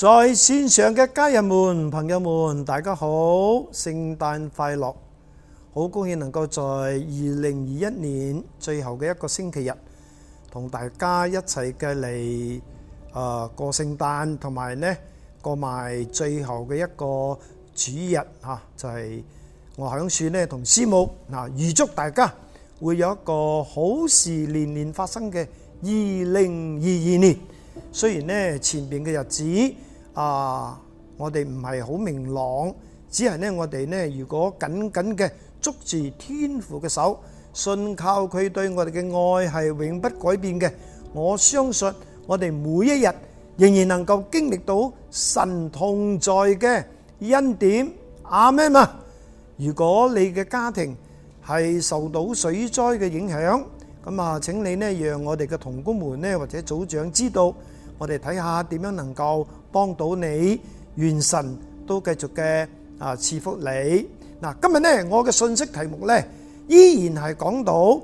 在線上嘅家人們、朋友們，大家好，聖誕快樂！好高興能夠在二零二一年最後嘅一個星期日，同大家一齊嘅嚟誒過聖誕，同埋咧過埋最後嘅一個主日吓，就係我響處咧同師母嗱，預祝大家會有一個好事年年發生嘅二零二二年。雖然咧前邊嘅日子，啊！我哋唔係好明朗，只係呢，我哋呢，如果緊緊嘅捉住天父嘅手，信靠佢對我哋嘅愛係永不改變嘅。我相信我哋每一日仍然能夠經歷到神同在嘅恩典。阿門啊！如果你嘅家庭係受到水災嘅影響，咁啊，請你呢讓我哋嘅同工們呢或者組長知道，我哋睇下點樣能夠。幫到你，願神都繼續嘅啊賜福你。嗱，今日咧我嘅信息題目咧依然係講到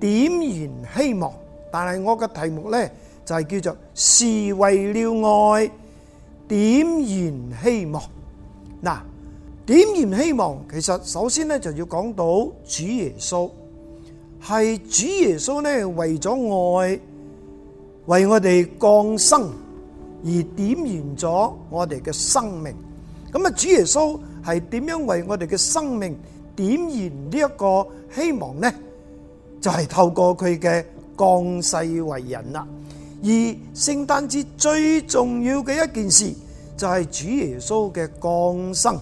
點燃希望，但係我嘅題目咧就係叫做是為了愛點燃希望。嗱，點燃希望其實首先咧就要講到主耶穌，係主耶穌咧為咗愛為我哋降生。而點燃咗我哋嘅生命咁啊！主耶穌係點樣為我哋嘅生命點燃呢一個希望咧？就係透過佢嘅降世為人啦。而聖誕節最重要嘅一件事就係主耶穌嘅降生，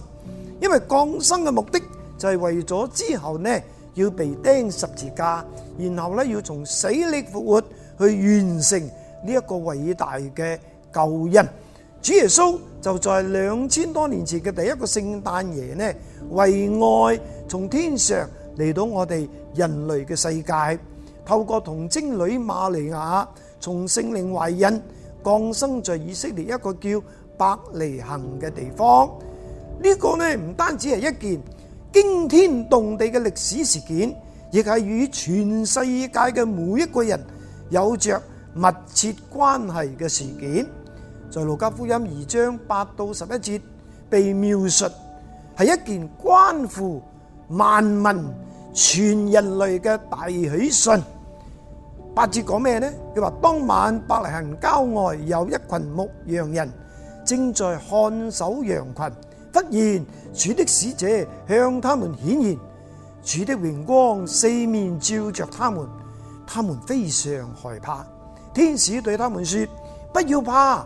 因為降生嘅目的就係為咗之後咧要被釘十字架，然後咧要從死裡復活，去完成呢一個偉大嘅。救恩，主耶穌就在兩千多年前嘅第一個聖誕夜呢，為愛從天上嚟，到我哋人類嘅世界，透過童貞女瑪利亞，從聖靈懷孕降生在以色列一個叫伯利恒嘅地方。呢個呢，唔單止係一件驚天動地嘅歷史事件，亦係與全世界嘅每一個人有着密切關係嘅事件。在《路加福音》二章八到十一節被描述，係一件關乎萬民全人類嘅大喜訊。八節講咩呢？佢話當晚伯利恆行郊外有一群牧羊人正在看守羊群，忽然主的使者向他們顯現，主的榮光四面照着他們，他們非常害怕。天使對他們說：不要怕。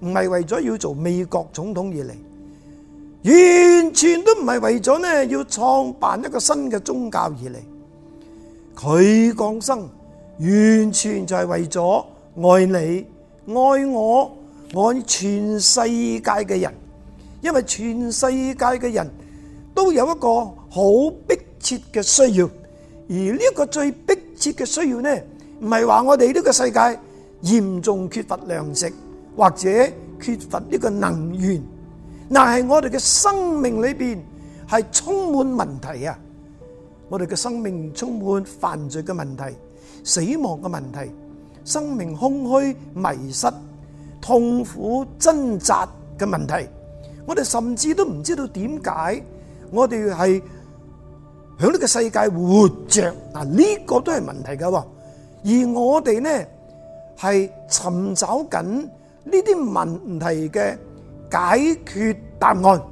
唔係為咗要做美國總統而嚟，完全都唔係為咗呢要創辦一個新嘅宗教而嚟。佢降生，完全就係為咗愛你愛我愛全世界嘅人，因為全世界嘅人都有一個好迫切嘅需要，而呢一個最迫切嘅需要呢，唔係話我哋呢個世界嚴重缺乏糧食。或者缺乏呢個能源，但係我哋嘅生命裏邊係充滿問題啊！我哋嘅生命充滿犯罪嘅問題、死亡嘅問題、生命空虛迷失、痛苦掙扎嘅問題，我哋甚至都唔知道點解我哋係響呢個世界活着，嗱呢個都係問題噶。而我哋呢係尋找緊。呢啲問題嘅解決答案，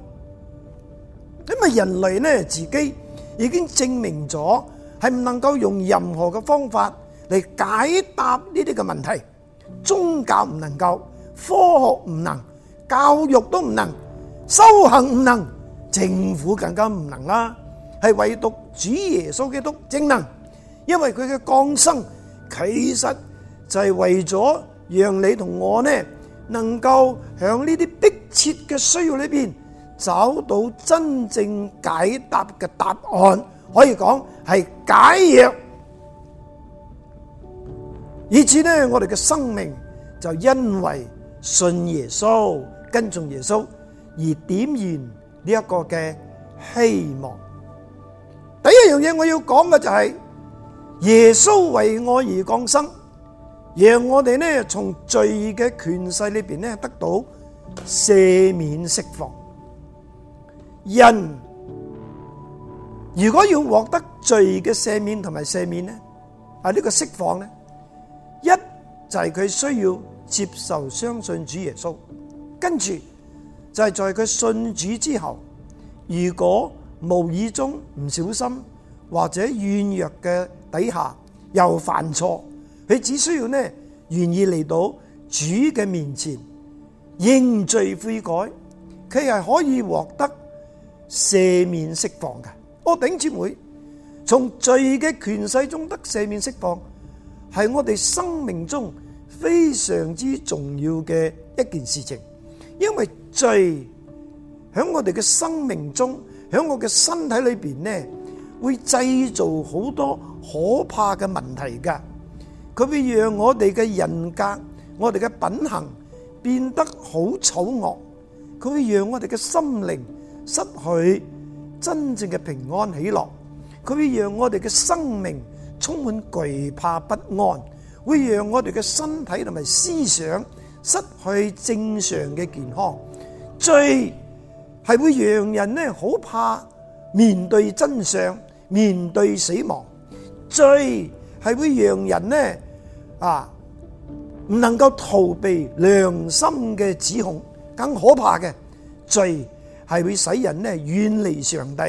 因為人類咧自己已經證明咗係唔能夠用任何嘅方法嚟解答呢啲嘅問題，宗教唔能夠，科學唔能，教育都唔能，修行唔能，政府更加唔能啦，係唯獨主耶穌基督正能，因為佢嘅降生其實就係為咗讓你同我咧。能夠向呢啲迫切嘅需要裏邊找到真正解答嘅答案，可以講係解藥。以此呢，我哋嘅生命就因為信耶穌、跟從耶穌而點燃呢一個嘅希望。第一樣嘢我要講嘅就係耶穌為我而降生。讓我哋呢從罪嘅權勢裏邊呢得到赦免釋放。人如果要獲得罪嘅赦免同埋赦免呢，啊呢個釋放呢，一就係佢需要接受相信主耶穌，跟住就係在佢信主之後，如果無意中唔小心或者軟弱嘅底下又犯錯。佢只需要咧願意嚟到主嘅面前，認罪悔改，佢係可以獲得赦免釋放嘅。弟兄姊妹，從罪嘅權勢中得赦免釋放，係我哋生命中非常之重要嘅一件事情，因為罪喺我哋嘅生命中，喺我嘅身體裏邊咧，會製造好多可怕嘅問題㗎。佢會讓我哋嘅人格、我哋嘅品行變得好醜惡；佢會讓我哋嘅心靈失去真正嘅平安喜樂；佢會讓我哋嘅生命充滿懼怕不安；會讓我哋嘅身體同埋思想失去正常嘅健康；罪係會讓人咧好怕面對真相、面對死亡；罪係會讓人咧。啊！唔能夠逃避良心嘅指控，更可怕嘅罪係會使人呢遠離上帝，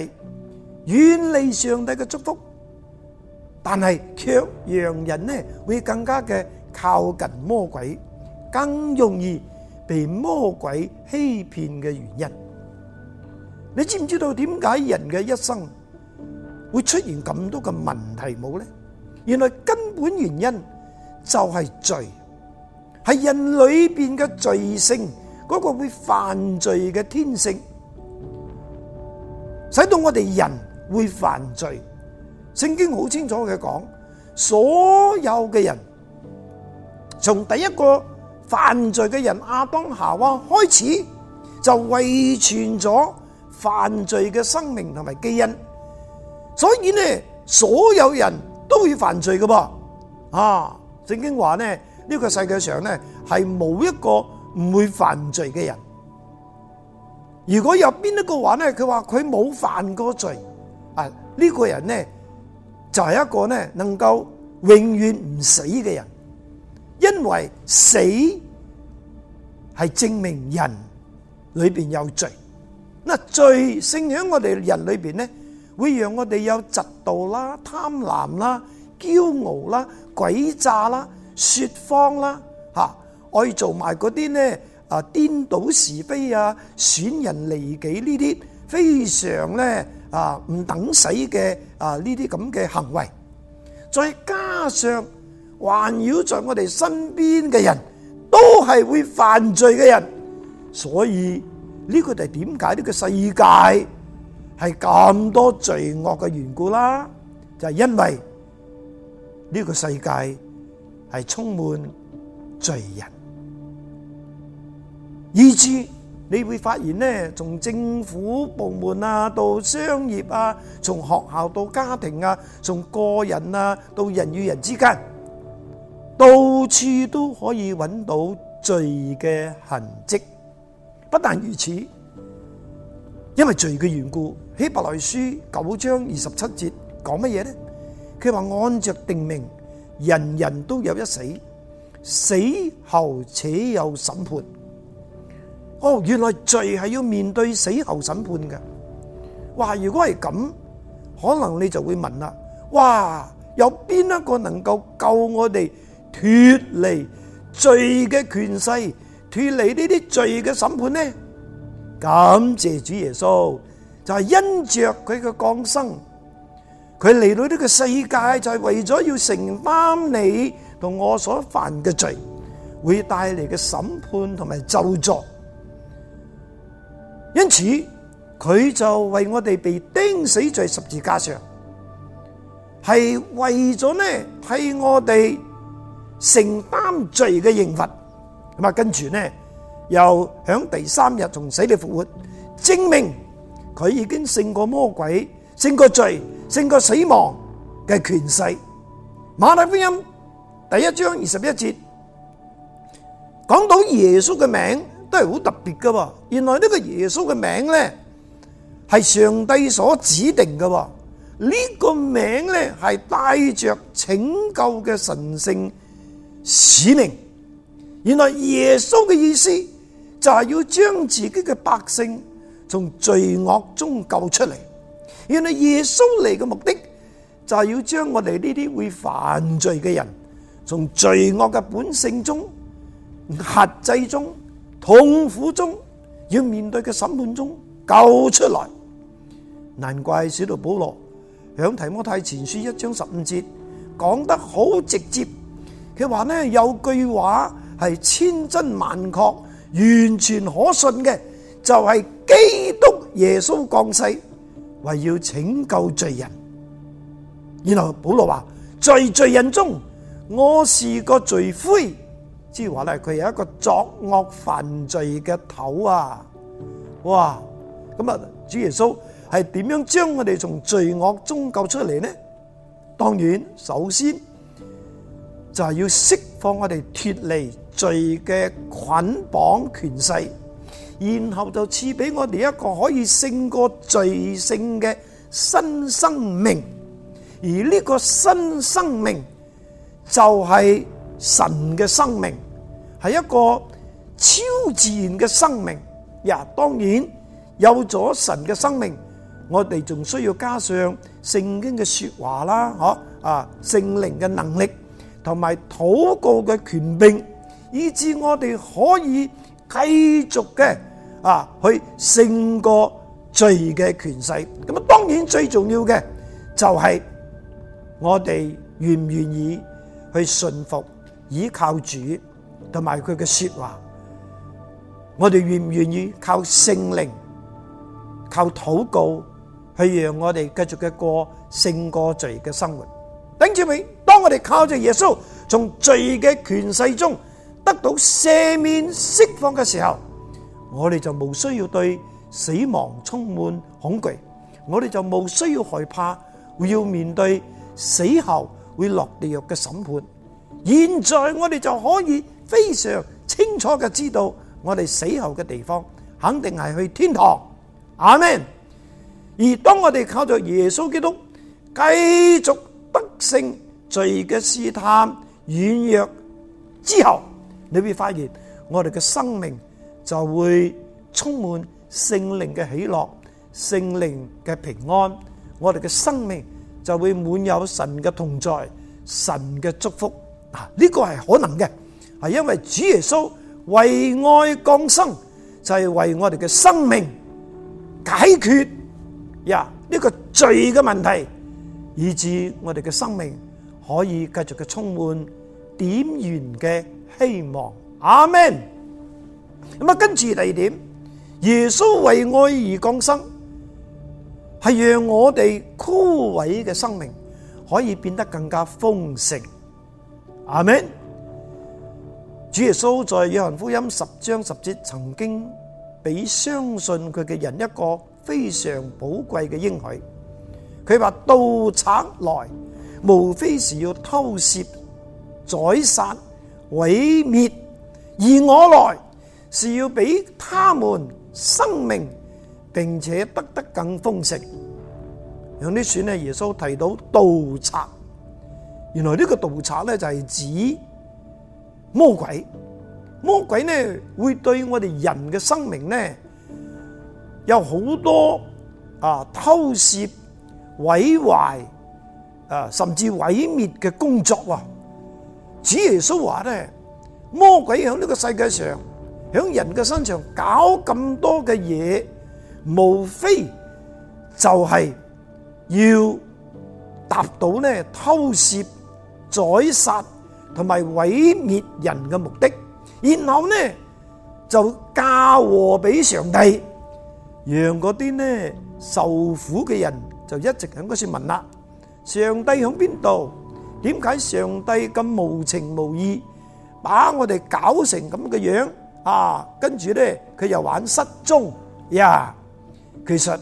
遠離上帝嘅祝福，但係卻讓人呢會更加嘅靠近魔鬼，更容易被魔鬼欺騙嘅原因。你知唔知道點解人嘅一生會出現咁多嘅問題冇呢？原來根本原因。就係罪，係人裏邊嘅罪性，嗰個會犯罪嘅天性，使到我哋人會犯罪。聖經好清楚嘅講，所有嘅人從第一個犯罪嘅人亞當夏娃開始，就遺傳咗犯罪嘅生命同埋基因，所以呢，所有人都會犯罪㗎噃啊！聖經話咧，呢個世界上咧係冇一個唔會犯罪嘅人。如果有邊一個話咧，佢話佢冇犯過罪，啊呢個人咧就係一個咧能夠永遠唔死嘅人，因為死係證明人裏邊有罪。嗱罪，性喺我哋人裏邊咧，會讓我哋有嫉妒啦、貪婪啦。驕傲啦、詭詐啦、說謊啦，吓，可做埋嗰啲呢，啊呢，顛倒是非啊、損人利己呢啲非常呢，啊唔等死嘅啊呢啲咁嘅行為，再加上環繞在我哋身邊嘅人都係會犯罪嘅人，所以呢、呢個就係點解呢個世界係咁多罪惡嘅緣故啦，就係、是、因為。呢個世界係充滿罪人，以至你會發現呢，從政府部門啊，到商業啊，從學校到家庭啊，從個人啊，到人與人之間，到處都可以揾到罪嘅痕跡。不但如此，因為罪嘅緣故，《希伯來書》九章二十七節講乜嘢呢？佢話按著定命，人人都有一死，死後且有審判。哦，原來罪係要面對死後審判嘅。哇，如果係咁，可能你就會問啦。哇，有邊一個能夠救我哋脫離罪嘅權勢，脫離呢啲罪嘅審判呢？感謝主耶穌，就係因著佢嘅降生。佢嚟到呢個世界就係為咗要承擔你同我所犯嘅罪，會帶嚟嘅審判同埋咒詛。因此佢就為我哋被釘死喺十字架上，係為咗呢係我哋承擔罪嘅刑罰。咁啊，跟住呢又響第三日從死裏復活，證明佢已經勝過魔鬼，勝過罪，勝過死亡嘅權勢。馬太福音第一章二十一節講到耶穌嘅名都係好特別噶噃。原來呢個耶穌嘅名咧係上帝所指定嘅，呢、呢個名咧係帶着拯救嘅神聖使命。原來耶穌嘅意思就係要將自己嘅百姓從罪惡中救出嚟。原來耶穌嚟嘅目的，就係、是、要將我哋呢啲會犯罪嘅人，從罪惡嘅本性中、轄制中、痛苦中，要面對嘅審判中救出來。難怪使徒保羅響提摩太前書一章十五節講得好直接，佢話呢，有句話係千真萬確、完全可信嘅，就係、是、基督耶穌降世。為要拯救罪人，然後保羅話：在罪，罪人中，我是個罪魁。」即係話，但佢係一個作惡犯罪嘅頭啊！哇！咁啊，主耶穌係點樣將我哋從罪惡中救出嚟呢？當然，首先就係要釋放我哋脫離罪嘅捆綁權勢。然後就賜俾我哋一個可以勝過罪性嘅新生命，而呢個新生命就係神嘅生命，係一個超自然嘅生命。呀，當然有咗神嘅生命，我哋仲需要加上聖經嘅說話啦，嗬啊，聖靈嘅能力同埋禱告嘅權柄，以致我哋可以繼續嘅。啊！去勝過罪嘅權勢。咁啊，當然最重要嘅就係我哋願唔願意去信服倚靠主同埋佢嘅說話。我哋願唔願意靠聖靈、靠禱告去讓我哋繼續嘅過勝過罪嘅生活？等住未？當我哋靠住耶穌從罪嘅權勢中得到赦免釋放嘅時候。我哋就無需要對死亡充滿恐懼，我哋就無需要害怕會要面對死後會落地獄嘅審判。現在我哋就可以非常清楚嘅知道，我哋死後嘅地方肯定係去天堂。阿門。而當我哋靠住耶穌基督繼續得勝罪嘅試探軟弱之後，你會發現我哋嘅生命。就會充滿聖靈嘅喜樂、聖靈嘅平安，我哋嘅生命就會滿有神嘅同在、神嘅祝福啊！呢個係可能嘅，係因為主耶穌為愛降生，就係為我哋嘅生命解決呀呢個罪嘅問題，以致我哋嘅生命可以繼續嘅充滿點燃嘅希望。阿們。咁啊，跟住第二點，耶穌為愛而降生，係讓我哋枯萎嘅生命可以變得更加豐盛。阿門。主耶穌在約翰福音十章十節曾經俾相信佢嘅人一個非常寶貴嘅應許，佢話盜賊來，無非是要偷竊、宰殺、毀滅；而我來。是要俾他們生命，並且得得更豐盛。有啲選呢，耶穌提到盜賊，原來個呢個盜賊呢就係、是、指魔鬼，魔鬼呢會對我哋人嘅生命呢有好多啊偷竊、毀壞啊甚至毀滅嘅工作。啊，指耶穌話呢魔鬼響呢個世界上。喺人嘅身上搞咁多嘅嘢，無非就係要達到呢偷竊、宰殺同埋毀滅人嘅目的，然後呢就嫁禍俾上帝，讓嗰啲呢受苦嘅人就一直喺嗰處問啦：上帝喺邊度？點解上帝咁無情無義，把我哋搞成咁嘅樣？啊，跟住呢，佢又玩失蹤呀！其實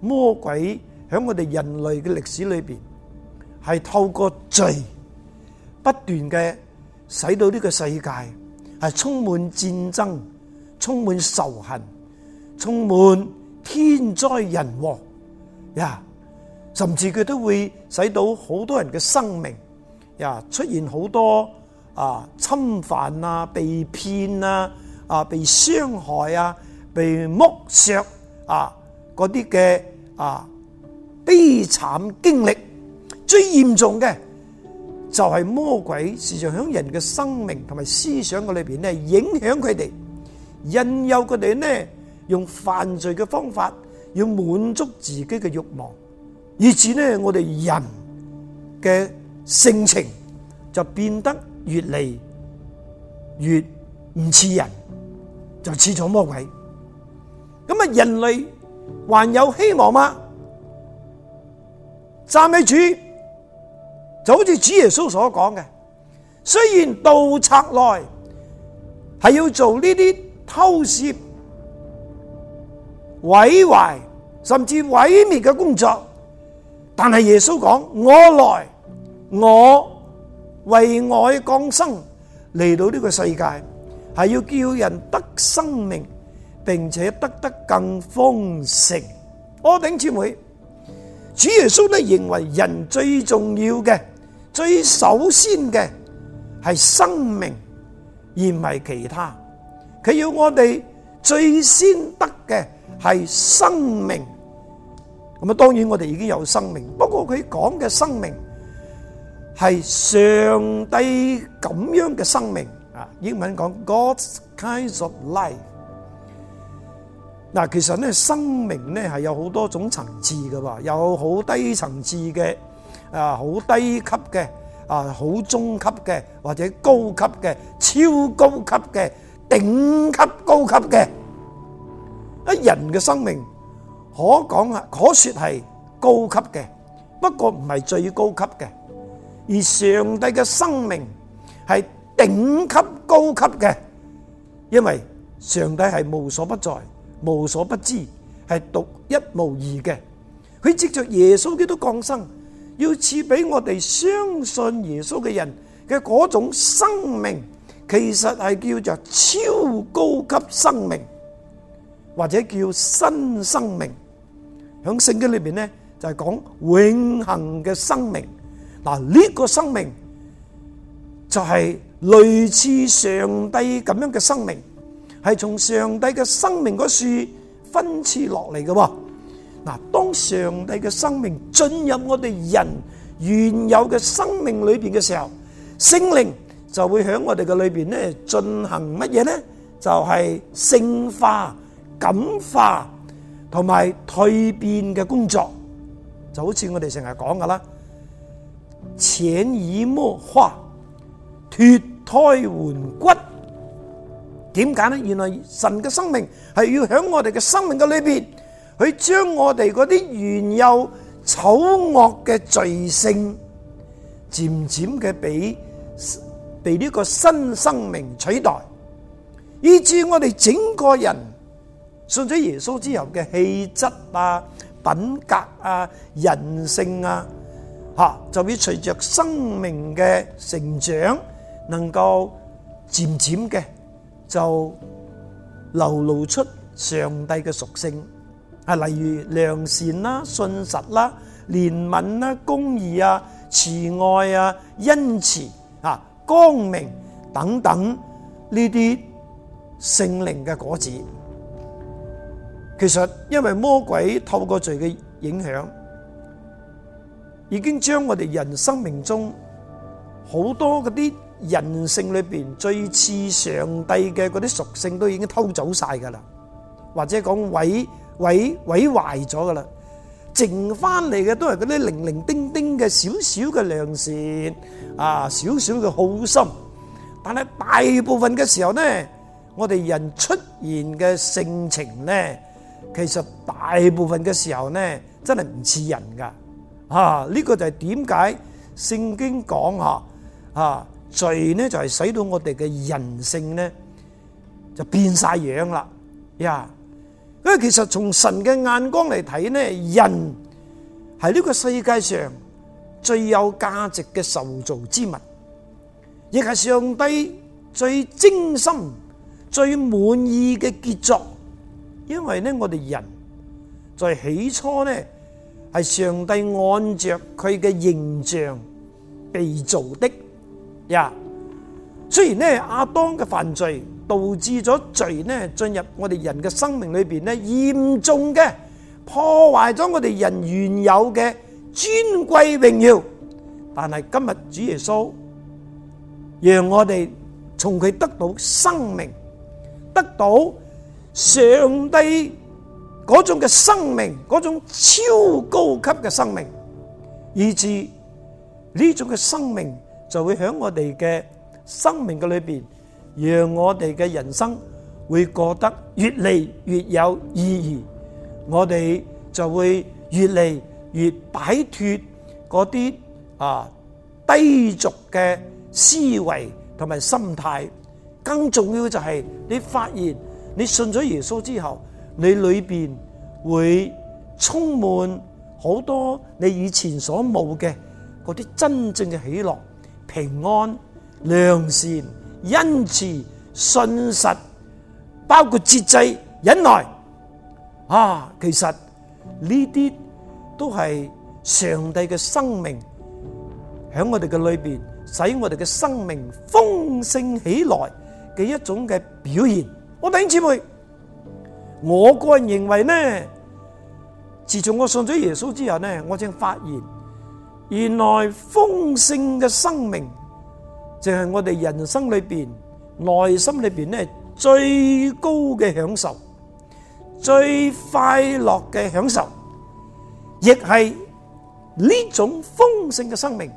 魔鬼喺我哋人類嘅歷史裏邊，係透過罪不斷嘅使到呢個世界係充滿戰爭、充滿仇恨、充滿天災人禍呀！甚至佢都會使到好多人嘅生命呀出現好多啊侵犯啊、被騙啊。啊！被傷害啊，被剝削啊，啲嘅啊悲慘經歷，最嚴重嘅就係魔鬼，時常響人嘅生命同埋思想嘅裏邊咧，影響佢哋，引誘佢哋咧用犯罪嘅方法，要滿足自己嘅欲望，以至咧我哋人嘅性情就變得越嚟越唔似人。就似咗魔鬼，咁啊，人類還有希望嗎？贊美主，就好似主耶穌所講嘅，雖然盜賊來係要做呢啲偷竊、毀壞甚至毀滅嘅工作，但係耶穌講，我來，我為愛降生嚟到呢個世界。係要叫人得生命，並且得得更豐盛。阿頂姊妹，主耶穌咧認為人最重要嘅、最首先嘅係生命，而唔係其他。佢要我哋最先得嘅係生命。咁啊，當然我哋已經有生命，不過佢講嘅生命係上帝咁樣嘅生命。英文講 God's kinds of life，嗱，其實咧生命咧係有好多種層次噶，有好低層次嘅，啊，好低級嘅，啊，好中級嘅，或者高級嘅，超高級嘅，頂級高級嘅，啊，人嘅生命可講啊，可說係高級嘅，不過唔係最高級嘅，而上帝嘅生命係。頂級高級嘅，因為上帝係無所不在、無所不知，係獨一無二嘅。佢藉着耶穌基督降生，要賜俾我哋相信耶穌嘅人嘅嗰種生命，其實係叫做超高級生命，或者叫新生命。喺聖經裏邊呢，就係講永恆嘅生命。嗱，呢個生命就係。類似上帝咁樣嘅生命，係從上帝嘅生命嗰樹分賜落嚟嘅。嗱，當上帝嘅生命進入我哋人原有嘅生命裏邊嘅時候，聖靈就會喺我哋嘅裏邊呢進行乜嘢呢？就係、是、聖化、感化同埋蛻變嘅工作，就好似我哋成日講噶啦，潛移默化。脫胎換骨，點解呢？原來神嘅生命係要響我哋嘅生命嘅裏邊，去將我哋嗰啲原有醜惡嘅罪性，漸漸嘅俾俾呢個新生命取代，以致我哋整個人信咗耶穌之後嘅氣質啊、品格啊、人性啊，吓就會隨着生命嘅成長。能夠漸漸嘅就流露出上帝嘅屬性，啊，例如良善啦、信實啦、憐憫啦、公義啊、慈愛啊、恩慈啊、光明等等呢啲聖靈嘅果子。其實因為魔鬼透過罪嘅影響，已經將我哋人生命中好多嗰啲。人性裏邊最似上帝嘅嗰啲屬性都已經偷走晒噶啦，或者講毀毀毀壞咗噶啦，剩翻嚟嘅都係嗰啲零零丁丁嘅少少嘅良善啊，少少嘅好心。但係大部分嘅時候呢，我哋人出現嘅性情呢，其實大部分嘅時候呢，真係唔似人噶。啊，呢個就係點解聖經講吓罪呢就係使到我哋嘅人性呢就變晒樣啦呀。因為其實從神嘅眼光嚟睇呢，人係呢個世界上最有價值嘅受造之物，亦係上帝最精心、最滿意嘅傑作。因為呢，我哋人在起初呢係上帝按着佢嘅形象被造的。呀，yeah，雖然呢阿當嘅犯罪導致咗罪呢進入我哋人嘅生命裏邊呢嚴重嘅破壞咗我哋人原有嘅尊貴榮耀，但係今日主耶穌讓我哋從佢得到生命，得到上帝嗰種嘅生命，嗰種超高級嘅生命，以至呢種嘅生命。就會喺我哋嘅生命嘅裏邊，讓我哋嘅人生會過得越嚟越有意義。我哋就會越嚟越擺脫嗰啲啊低俗嘅思維同埋心態。更重要就係你發現，你信咗耶穌之後，你裏邊會充滿好多你以前所冇嘅嗰啲真正嘅喜樂。平安、良善、恩慈、信實，包括節制、忍耐。啊，其實呢啲都係上帝嘅生命響我哋嘅裏邊，使我哋嘅生命豐盛起來嘅一種嘅表現。我弟兄姊妹，我個人認為呢，自從我信咗耶穌之後呢，我正發現。原來豐盛嘅生命，就係我哋人生裏邊，內心裏邊呢最高嘅享受，最快樂嘅享受，亦係呢種豐盛嘅生命，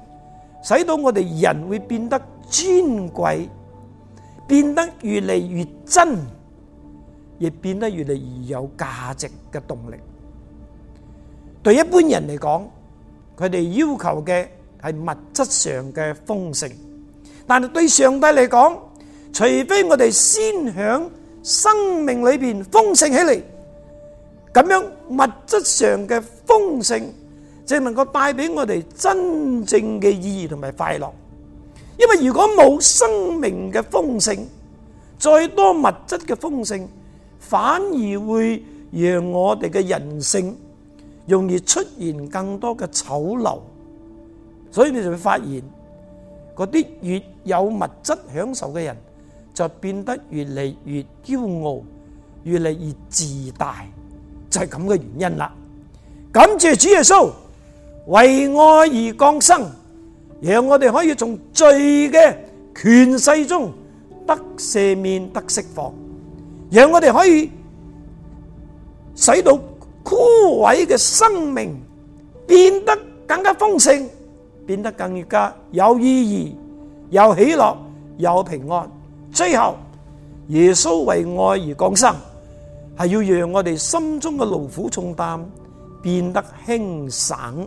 使到我哋人會變得尊貴，變得越嚟越真，亦變得越嚟越有價值嘅動力。對一般人嚟講。佢哋要求嘅係物質上嘅豐盛，但係對上帝嚟講，除非我哋先響生命裏邊豐盛起嚟，咁樣物質上嘅豐盛，就能夠帶俾我哋真正嘅意義同埋快樂。因為如果冇生命嘅豐盛，再多物質嘅豐盛，反而會讓我哋嘅人性。容易出現更多嘅醜陋，所以你就會發現嗰啲越有物質享受嘅人，就變得越嚟越驕傲，越嚟越自大，就係咁嘅原因啦。感謝主耶穌為愛而降生，讓我哋可以從罪嘅權勢中得赦免、得釋放，讓我哋可以使到。枯萎嘅生命變得更加豐盛，變得更加有意義、有喜樂、有平安。最後，耶穌為愛而降生，係要讓我哋心中嘅勞苦重擔變得輕省。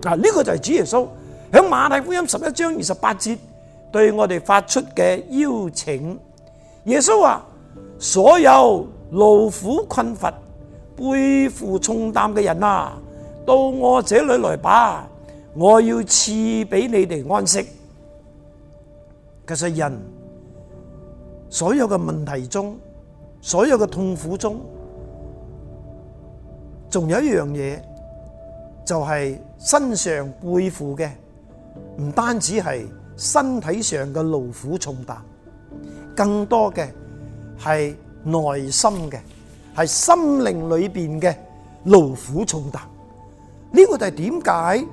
嗱、啊，呢、這個就係主耶穌響馬太福音十一章二十八節對我哋發出嘅邀請。耶穌話：所有勞苦困乏，背負重擔嘅人啊，到我這裏來吧，我要賜俾你哋安息。其實人所有嘅問題中，所有嘅痛苦中，仲有一樣嘢，就係身上背負嘅，唔單止係身體上嘅勞苦重擔，更多嘅係內心嘅。係心靈裏邊嘅勞苦重擔，呢個就係點解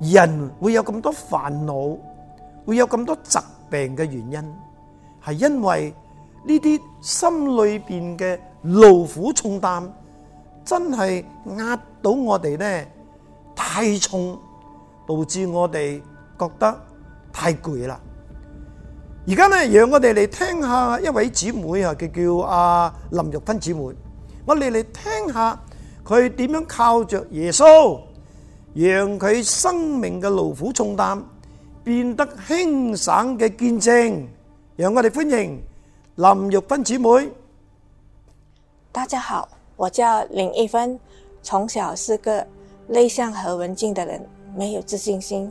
人會有咁多煩惱，會有咁多疾病嘅原因，係因為呢啲心裏邊嘅勞苦重擔，真係壓到我哋呢太重，導致我哋覺得太攰啦。而家呢，讓我哋嚟聽下一位姊妹啊，佢叫阿林玉芬姊妹。我哋嚟聽下佢點樣靠着耶穌，讓佢生命嘅勞苦重擔變得輕省嘅見證。讓我哋歡迎林玉芬姊妹。大家好，我叫林玉芬，從小是個內向和文靜的人，沒有自信心。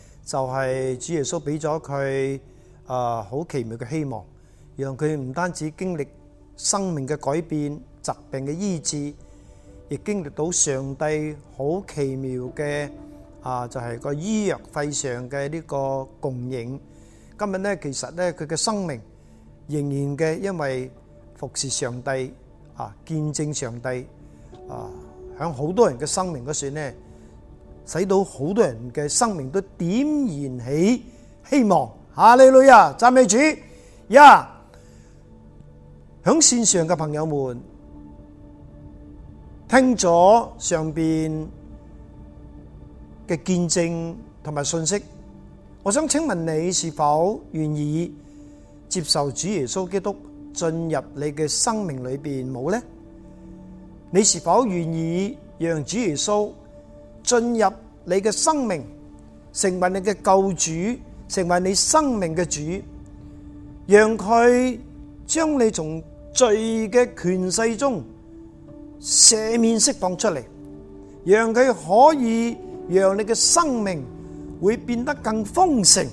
就係主耶穌俾咗佢啊，好奇妙嘅希望，讓佢唔單止經歷生命嘅改變、疾病嘅醫治，亦經歷到上帝好奇妙嘅啊，就係個醫藥費上嘅呢個供應。今日咧，其實咧，佢嘅生命仍然嘅，因為服侍上帝啊，見證上帝啊，響好多人嘅生命嗰時咧。使到好多人嘅生命都點燃起希望，哈利路亞，讚美主呀！響線上嘅朋友們聽咗上邊嘅見證同埋信息，我想請問你是否願意接受主耶穌基督進入你嘅生命裏邊冇咧？你是否願意讓主耶穌？進入你嘅生命，成為你嘅救主，成為你生命嘅主，讓佢將你從罪嘅權勢中赦免釋放出嚟，讓佢可以讓你嘅生命會變得更豐盛，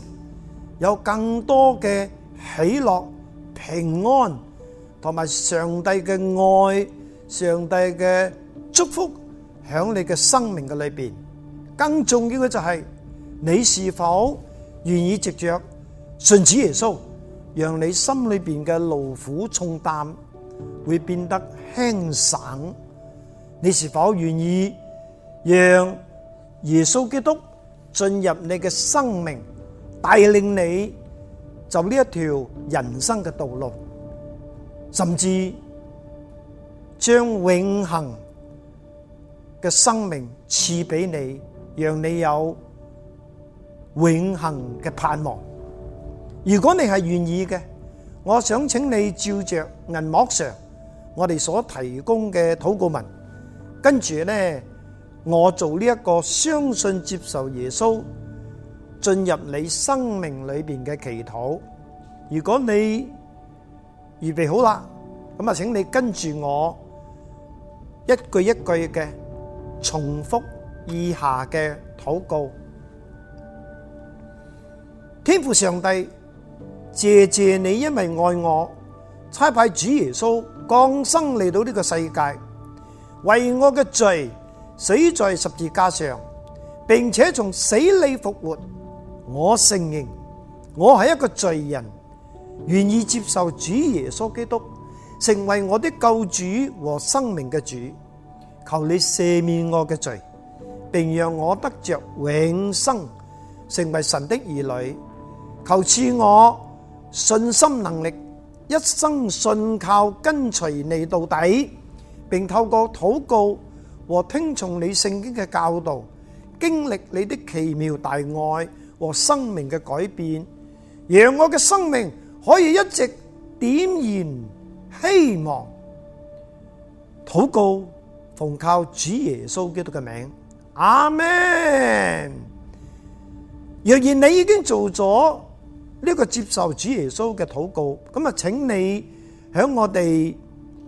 有更多嘅喜樂、平安、同埋上帝嘅愛、上帝嘅祝福。喺你嘅生命嘅裏邊，更重要嘅就係你是否願意藉着信主耶穌，讓你心裏邊嘅勞苦重擔會變得輕省。你是否願意讓耶穌基督進入你嘅生命，帶領你就呢一條人生嘅道路，甚至將永恆，嘅生命賜俾你，讓你有永恒嘅盼望。如果你係願意嘅，我想請你照着銀幕上我哋所提供嘅禱告文，跟住呢，我做呢一個相信接受耶穌進入你生命裏邊嘅祈禱。如果你預備好啦，咁啊，請你跟住我一句一句嘅。重複以下嘅禱告：天父上帝，謝謝你，因為愛我，差派主耶穌降生嚟到呢個世界，為我嘅罪死在十字架上，並且從死裏復活。我承認我係一個罪人，願意接受主耶穌基督成為我的救主和生命嘅主。求你赦免我嘅罪，並讓我得着永生，成為神的兒女。求賜我信心能力，一生信靠跟隨你到底，並透過禱告和聽從你聖經嘅教導，經歷你的奇妙大愛和生命嘅改變，讓我嘅生命可以一直點燃希望。禱告。奉靠主耶穌基督嘅名，阿門。若然你已經做咗呢個接受主耶穌嘅禱告，咁啊，請你響我哋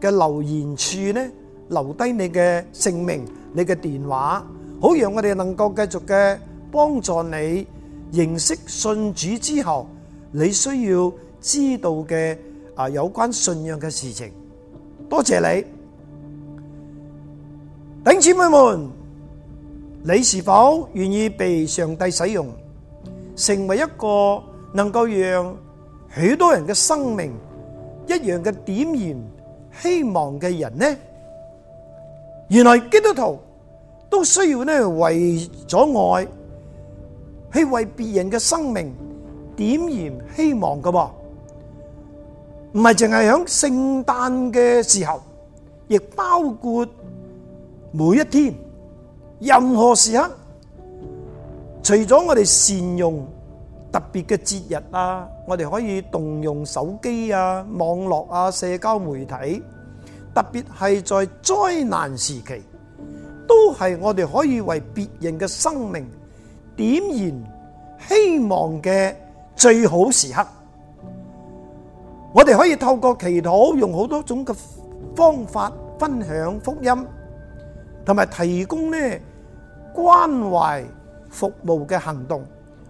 嘅留言處呢，留低你嘅姓名、你嘅電話，好讓我哋能夠繼續嘅幫助你認識信主之後你需要知道嘅啊有關信仰嘅事情。多謝你。弟兄姐妹們，你是否願意被上帝使用，成為一個能夠讓許多人嘅生命一樣嘅點燃希望嘅人呢？原來基督徒都需要呢為咗愛，去為別人嘅生命點燃希望㗎喎，唔係淨係響聖誕嘅時候，亦包括。每一天，任何時刻，除咗我哋善用特別嘅節日啊，我哋可以動用手機啊、網絡啊、社交媒體，特別係在災難時期，都係我哋可以為別人嘅生命點燃希望嘅最好時刻。我哋可以透過祈禱，用好多種嘅方法分享福音。同埋提供呢關懷服務嘅行動，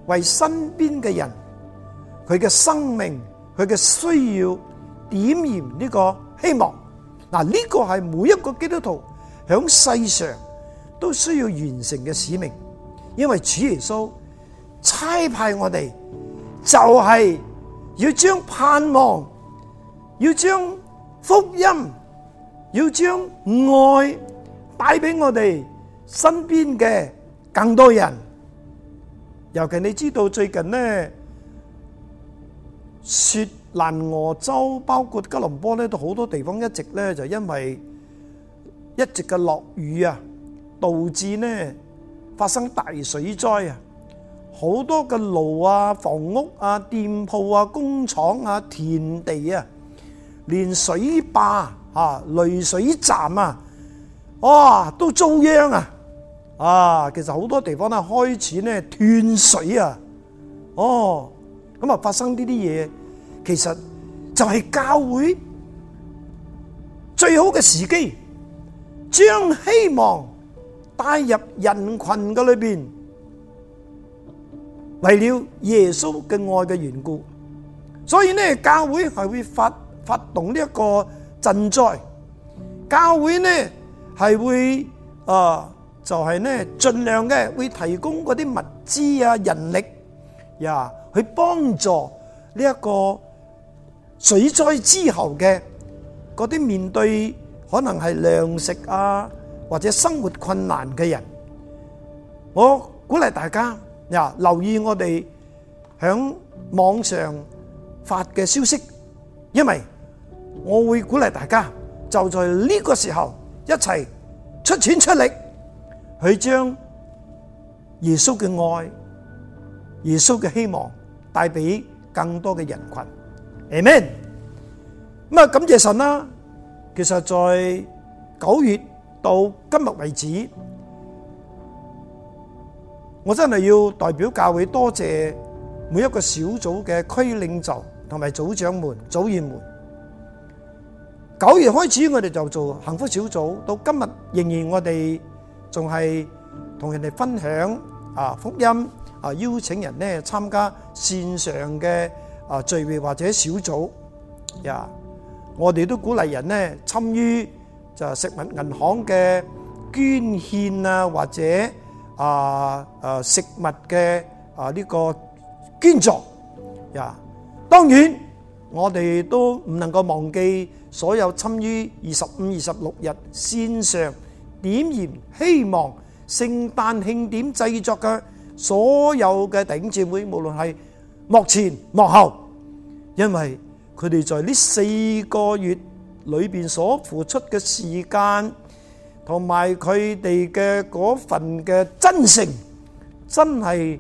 為身邊嘅人，佢嘅生命，佢嘅需要點燃呢個希望。嗱，呢個係每一個基督徒響世上都需要完成嘅使命，因為主耶穌差派我哋就係要將盼望，要將福音，要將愛。帶俾我哋身邊嘅更多人，尤其你知道最近呢雪蘭莪州包括吉隆坡呢都好多地方一直呢就因為一直嘅落雨啊，導致呢發生大水災啊，好多嘅路啊、房屋啊、店鋪啊、工廠啊、田地啊，連水壩啊、濾水站啊。哇！都遭殃啊！啊，其實好多地方咧開始咧斷水啊！哦，咁啊發生呢啲嘢，其實就係教會最好嘅時機，將希望帶入人群嘅裏邊，為了耶穌嘅愛嘅緣故，所以咧教會係會發發動呢一個賑災，教會咧。係會啊，就係呢，盡量嘅會提供嗰啲物資啊、人力呀，去幫助呢一個水災之後嘅嗰啲面對可能係糧食啊或者生活困難嘅人。我鼓勵大家呀，留意我哋響網上發嘅消息，因為我會鼓勵大家，就在呢個時候。一齊出錢出力，去將耶穌嘅愛、耶穌嘅希望帶俾更多嘅人群。Amen。咁啊，感謝神啦！其實，在九月到今日為止，我真係要代表教會多謝每一個小組嘅區領袖同埋組長們、組員們。九月開始，我哋就做幸福小組，到今日仍然我哋仲係同人哋分享啊福音啊，邀請人呢參加線上嘅啊聚會或者小組。呀，我哋都鼓勵人呢參與就食物銀行嘅捐獻啊，或者啊啊食物嘅啊呢個捐助。呀，當然。我哋都唔能夠忘記所有參與二十五、二十六日線上點燃希望聖誕慶典製作嘅所有嘅頂尖會，無論係幕前幕後，因為佢哋在呢四個月裏邊所付出嘅時間同埋佢哋嘅嗰份嘅真誠，真係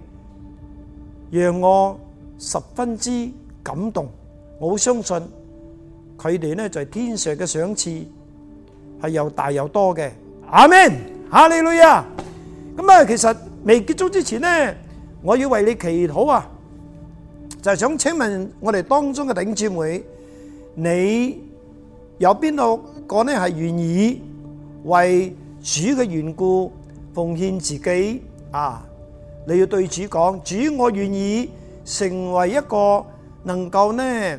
讓我十分之感動。我相信佢哋呢，在天上嘅賞賜係又大又多嘅。阿們，哈利路亞。咁啊，其實未結束之前呢，我要為你祈禱啊，就係、是、想請問我哋當中嘅弟兄姊妹，你有邊個個呢係願意為主嘅緣故奉獻自己啊？你要對主講，主，我願意成為一個能夠呢。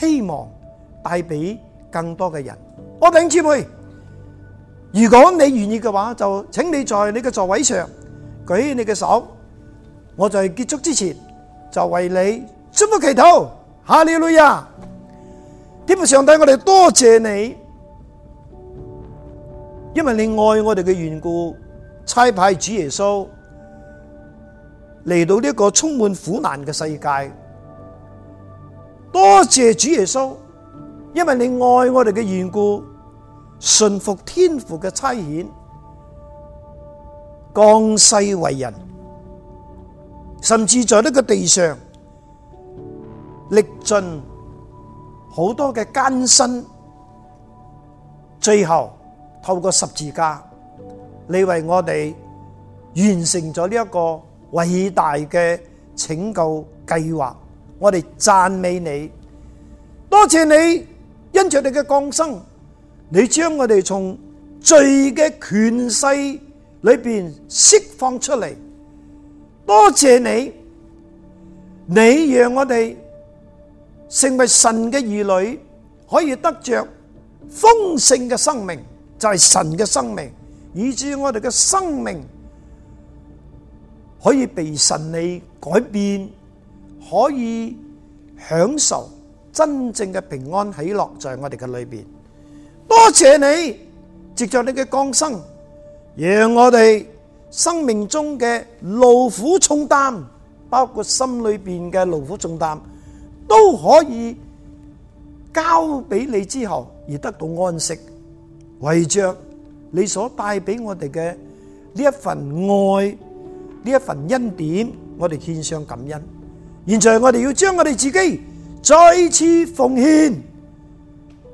希望帶俾更多嘅人。我頂姊妹，如果你願意嘅話，就請你在你嘅座位上舉起你嘅手。我在結束之前就為你祝福祈禱。哈利路亞！天父上帝，我哋多謝你，因為你愛我哋嘅緣故，差派主耶穌嚟到呢個充滿苦難嘅世界。多謝主耶穌，因為你愛我哋嘅緣故，順服天父嘅差遣，降世為人，甚至在呢個地上歷盡好多嘅艱辛，最後透過十字架，你為我哋完成咗呢一個偉大嘅拯救計劃。我哋讚美你，多謝你因着你嘅降生，你將我哋從罪嘅權勢裏邊釋放出嚟。多謝你，你讓我哋成為神嘅兒女，可以得着豐盛嘅生命，就係神嘅生命，以至我哋嘅生命可以被神理改變，可以享受真正嘅平安喜樂，在我哋嘅裏邊。多謝你藉着你嘅降生，讓我哋生命中嘅勞苦重擔，包括心裏邊嘅勞苦重擔，都可以交俾你之後而得到安息。為着你所帶俾我哋嘅呢一份愛，呢一份恩典，我哋獻上感恩。現在我哋要將我哋自己再次奉獻，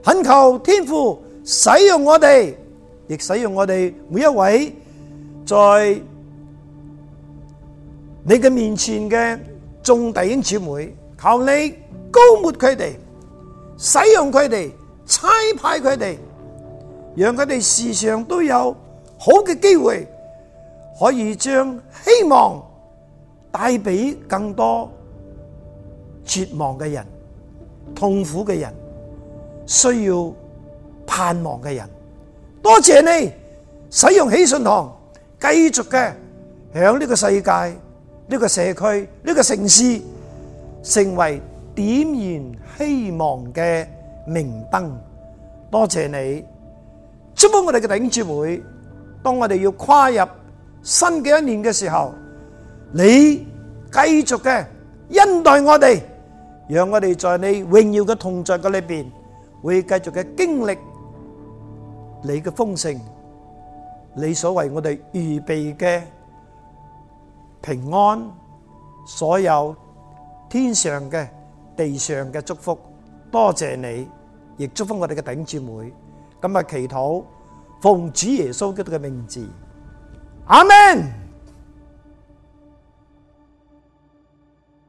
懇求天父使用我哋，亦使用我哋每一位在你嘅面前嘅眾弟兄姊妹，求你膏抹佢哋，使用佢哋，差派佢哋，讓佢哋時常都有好嘅機會，可以將希望帶俾更多。絕望嘅人、痛苦嘅人、需要盼望嘅人，多謝你使用喜信堂，繼續嘅響呢個世界、呢個社區、呢個城市，成為點燃希望嘅明燈。多謝你祝福我哋嘅頂住會，當我哋要跨入新嘅一年嘅時候，你繼續嘅恩待我哋，讓我哋在你榮耀嘅同在嘅裏邊，會繼續嘅經歷你嘅豐盛，你所為我哋預備嘅平安，所有天上嘅、地上嘅祝福。多謝你，亦祝福我哋嘅頂住會。咁啊，祈禱奉主耶穌基督嘅名字，阿門。